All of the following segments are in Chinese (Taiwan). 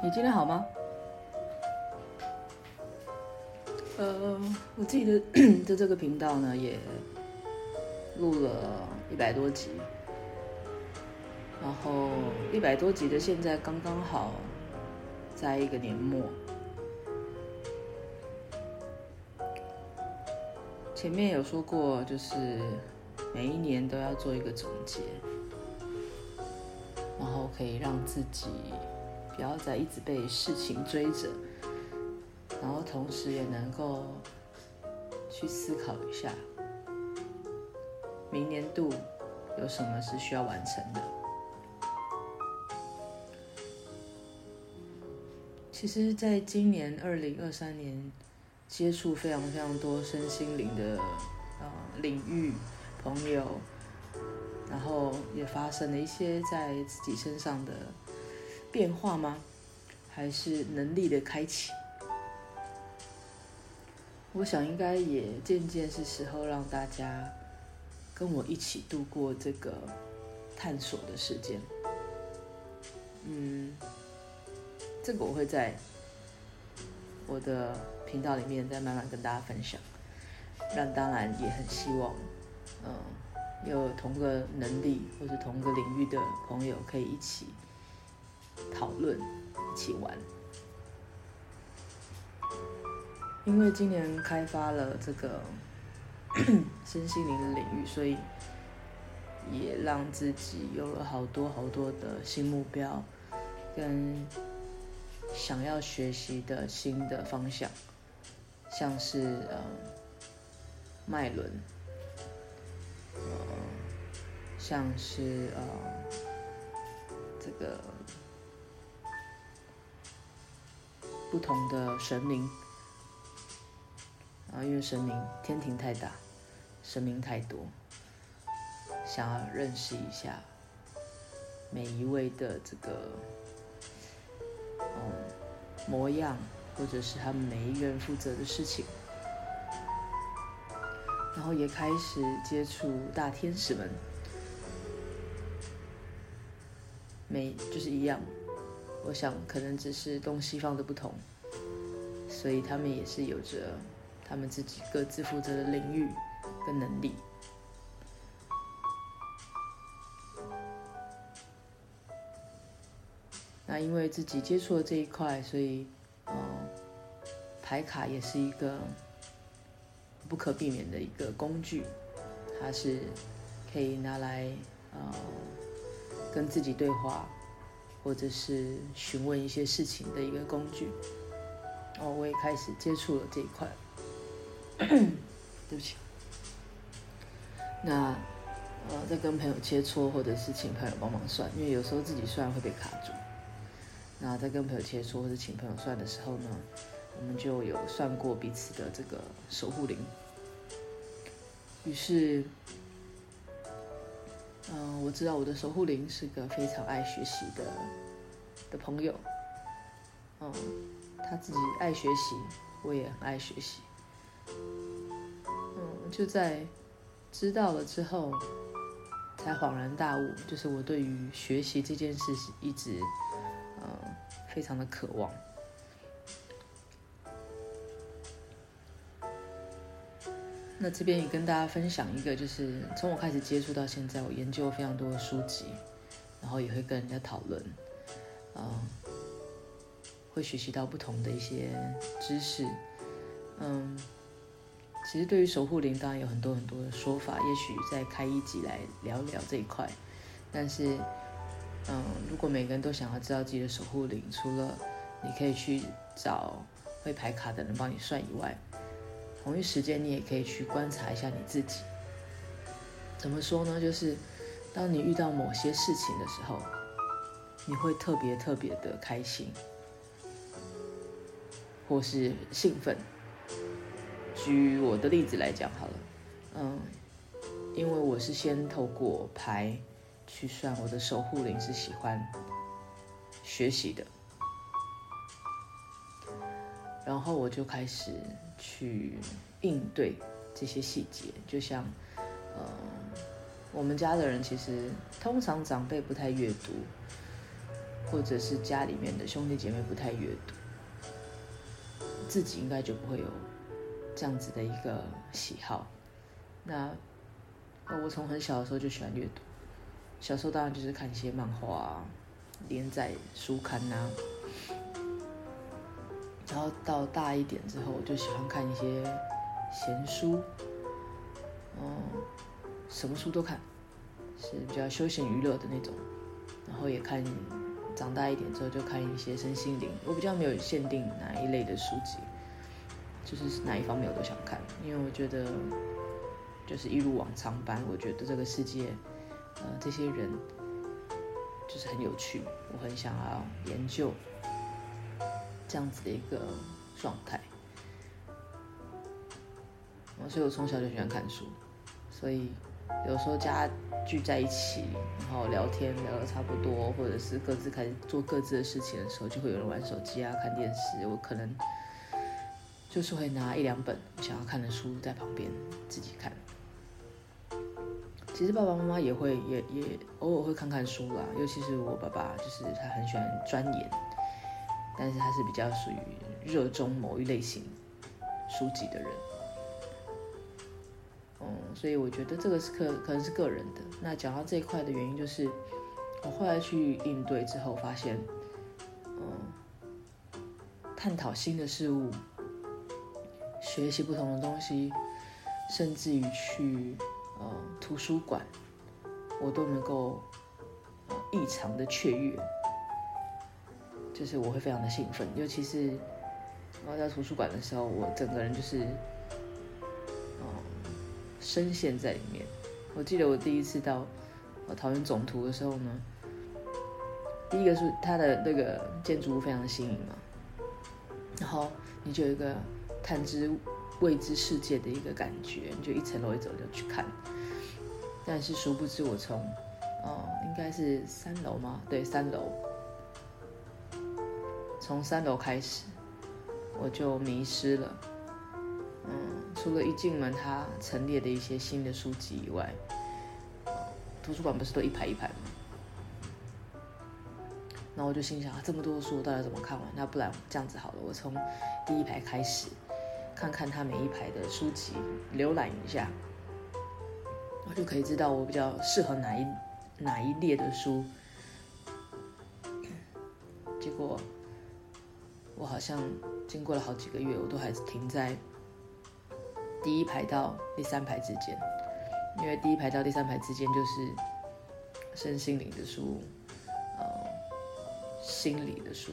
你今天好嗎？呃，我自己的在這個頻道呢，也錄了一百多集，然後一百多集的，現在剛剛好在一個年末。前面有說過，就是每一年都要做一個總結，然後可以讓自己。不要再一直被事情追着，然後同時也能夠去思考一下，明年度有什麼是需要完成的。其實，在今年二零二三年，接觸非常非常多身心靈的呃領域朋友，然後也發生了一些在自己身上的。變化嗎？還是能力的開啟？我想應該也漸漸是時候讓大家跟我一起度過這個探索的時間。嗯，這個我會在我的頻道裡面再慢慢跟大家分享。但當然也很希望，嗯，有同個能力或者同個領域的朋友可以一起。討論，一起玩。因為今年開發了這個身 心靈的領域，所以也讓自己有了好多好多的新目標，跟想要學習的新的方向，像是嗯，脈輪，嗯，像是嗯、呃，這個。不同的神明，然後、啊、因為神明天庭太大，神明太多，想要認識一下每一位的這個、嗯、模樣，或者是他們每一個人負責的事情，然後也開始接觸大天使們，每就是一樣。我想，可能只是東西方的不同，所以他們也是有着他們自己各自負責的領域跟能力。那因為自己接觸了這一塊，所以，呃，牌卡也是一個不可避免的一個工具，它是可以拿來，呃，跟自己對話。或者是詢問一些事情的一個工具哦，我也開始接觸了這一塊。 對不起。那呃，在跟朋友切磋，或者是請朋友幫忙算，因為有時候自己算會被卡住。那在跟朋友切磋，或者請朋友算的時候呢，我們就有算過彼此的這個守護靈。於是。嗯，我知道我的守護靈是個非常愛學習的的朋友。嗯，他自己愛學習，我也很愛學習。嗯，就在知道了之後，才恍然大悟，就是我對於學習這件事一直，嗯，非常的渴望。那這邊也跟大家分享一個，就是從我開始接觸到現在，我研究非常多的書籍，然後也會跟人家討論，嗯，會學習到不同的一些知識。嗯，其實對於守護靈，當然有很多很多的說法，也許再開一集來聊一聊這一塊。但是，嗯，如果每個人都想要知道自己的守護靈，除了你可以去找會排卡的人幫你算以外，同一時間，你也可以去觀察一下你自己。怎麼說呢？就是當你遇到某些事情的時候，你會特別特別的開心，或是興奮。舉我的例子來講好了，嗯，因為我是先透過牌去算，我的守護靈是喜歡學習的。然後我就開始去應對這些細節，就像，嗯、呃，我們家的人其實通常長輩不太閱讀，或者是家裡面的兄弟姐妹不太閱讀，自己應該就不會有這樣子的一個喜好。那，那我從很小的時候就喜歡閱讀，小時候當然就是看一些漫畫啊、連載書刊啊。然後到大一點之後，我就喜歡看一些閒書，嗯，什麼書都看，是比較休閒娛樂的那種。然後也看，長大一點之後就看一些身心靈。我比較沒有限定哪一類的書籍，就是哪一方面我都想看，因為我覺得就是一如往常般，我覺得這個世界，呃，這些人就是很有趣，我很想要研究。這樣子的一個狀態，所以我從小就喜歡看書，所以有時候家聚在一起，然後聊天聊得差不多，或者是各自開始做各自的事情的時候，就會有人玩手機啊、看電視。我可能就是會拿一兩本想要看的書在旁邊自己看。其實爸爸媽媽也會也也偶爾會看看書啦，尤其是我爸爸，就是他很喜歡鑽研。但是他是比較屬於熱衷某一類型書籍的人，嗯，所以我覺得這個是可可能是個人的。那講到這一塊的原因，就是我後來去應對之後，發現，嗯，探討新的事物，學習不同的東西，甚至於去，嗯，圖書館，我都能夠，嗯，異常的雀躍。就是我會非常的興奮，尤其是然後在圖書館的時候，我整個人就是，哦、嗯，深陷在裡面。我記得我第一次到我、哦、桃園總圖的時候呢，第一個是它的那個建築物非常的新穎嘛，然後你就有一個探知未知世界的一個感覺，你就一層樓一層樓去看。但是殊不知，我從呃、嗯、應該是三樓嗎？對，三樓。從三樓開始，我就迷失了。嗯，除了一進門它陳列的一些新的書籍以外，圖書館不是都一排一排嗎？那我就心想，啊，這麼多書，到底怎麼看完？那不然這樣子好了，我從第一排開始，看看它每一排的書籍，瀏覽一下，我就可以知道我比較適合哪一哪一列的書。結果。我好像經過了好幾個月，我都還是停在第一排到第三排之間，因為第一排到第三排之間就是身心靈的書，呃、嗯，心理的書，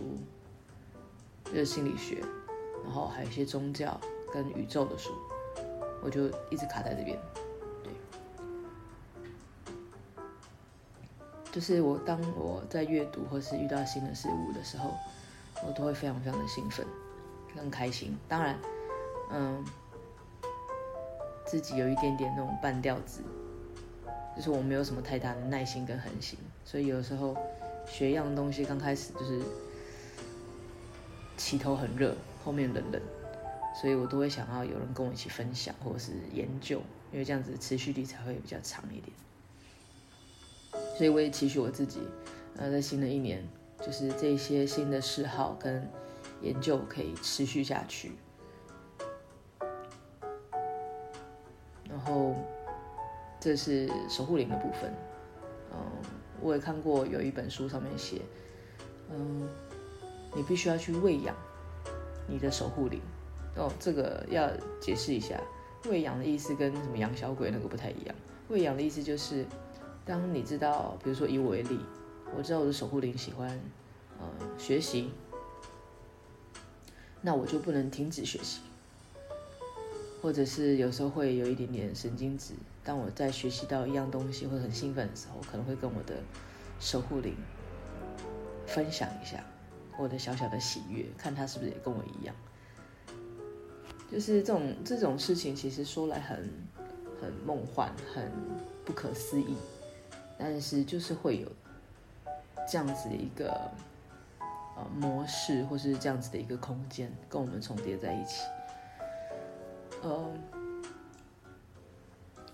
就是心理學，然後還有一些宗教跟宇宙的書，我就一直卡在這邊。對，就是我當我在閱讀或是遇到新的事物的時候。我都會非常非常的興奮，很開心。當然，嗯，自己有一點點那種半吊子，就是我沒有什麼太大的耐心跟恆心，所以有時候學一樣的東西剛開始就是起頭很熱，後面冷冷，所以我都會想要有人跟我一起分享或是研究，因為這樣子持續力才會比較長一點。所以我也期許我自己，呃，在新的一年。就是這些新的嗜好跟研究可以持續下去。然後，這是守護靈的部分。嗯，我也看過有一本書上面寫，嗯，你必須要去餵養你的守護靈。哦，這個要解釋一下，餵養的意思跟什麼養小鬼那個不太一樣。餵養的意思就是，當你知道，比如說以我為例。我知道我的守護靈喜歡，呃，學習，那我就不能停止學習。或者是有時候會有一點點神經質，當我在學習到一樣東西會很興奮的時候，我可能會跟我的守護靈分享一下我的小小的喜悅，看他是不是也跟我一樣。就是這種這種事情，其實說來很很夢幻、很不可思議，但是就是會有。這樣子的一個呃模式，或是這樣子的一個空間，跟我們重疊在一起。呃，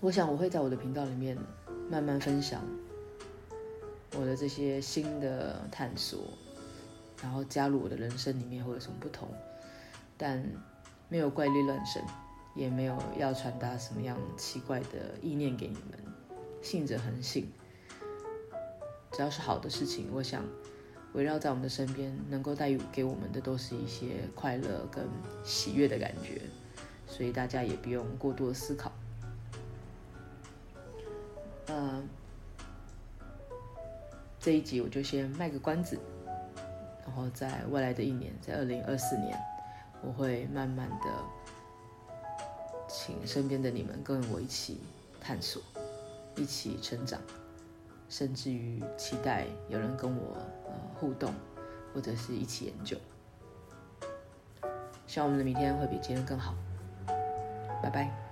我想我會在我的頻道裡面慢慢分享我的這些新的探索，然後加入我的人生裡面會有什麼不同。但沒有怪力亂神，也沒有要傳達什麼樣奇怪的意念給你們。信者恆信。只要是好的事情，我想圍繞在我們的身邊，能夠帶給我們的都是一些快樂跟喜悅的感覺，所以大家也不用過多思考。嗯、呃，這一集我就先賣個關子，然後在未來的一年，在二零二四年，我會慢慢的請身邊的你們跟我一起探索，一起成長。甚至於期待有人跟我，呃，互動，或者是一起研究。希望我們的明天會比今天更好。拜拜。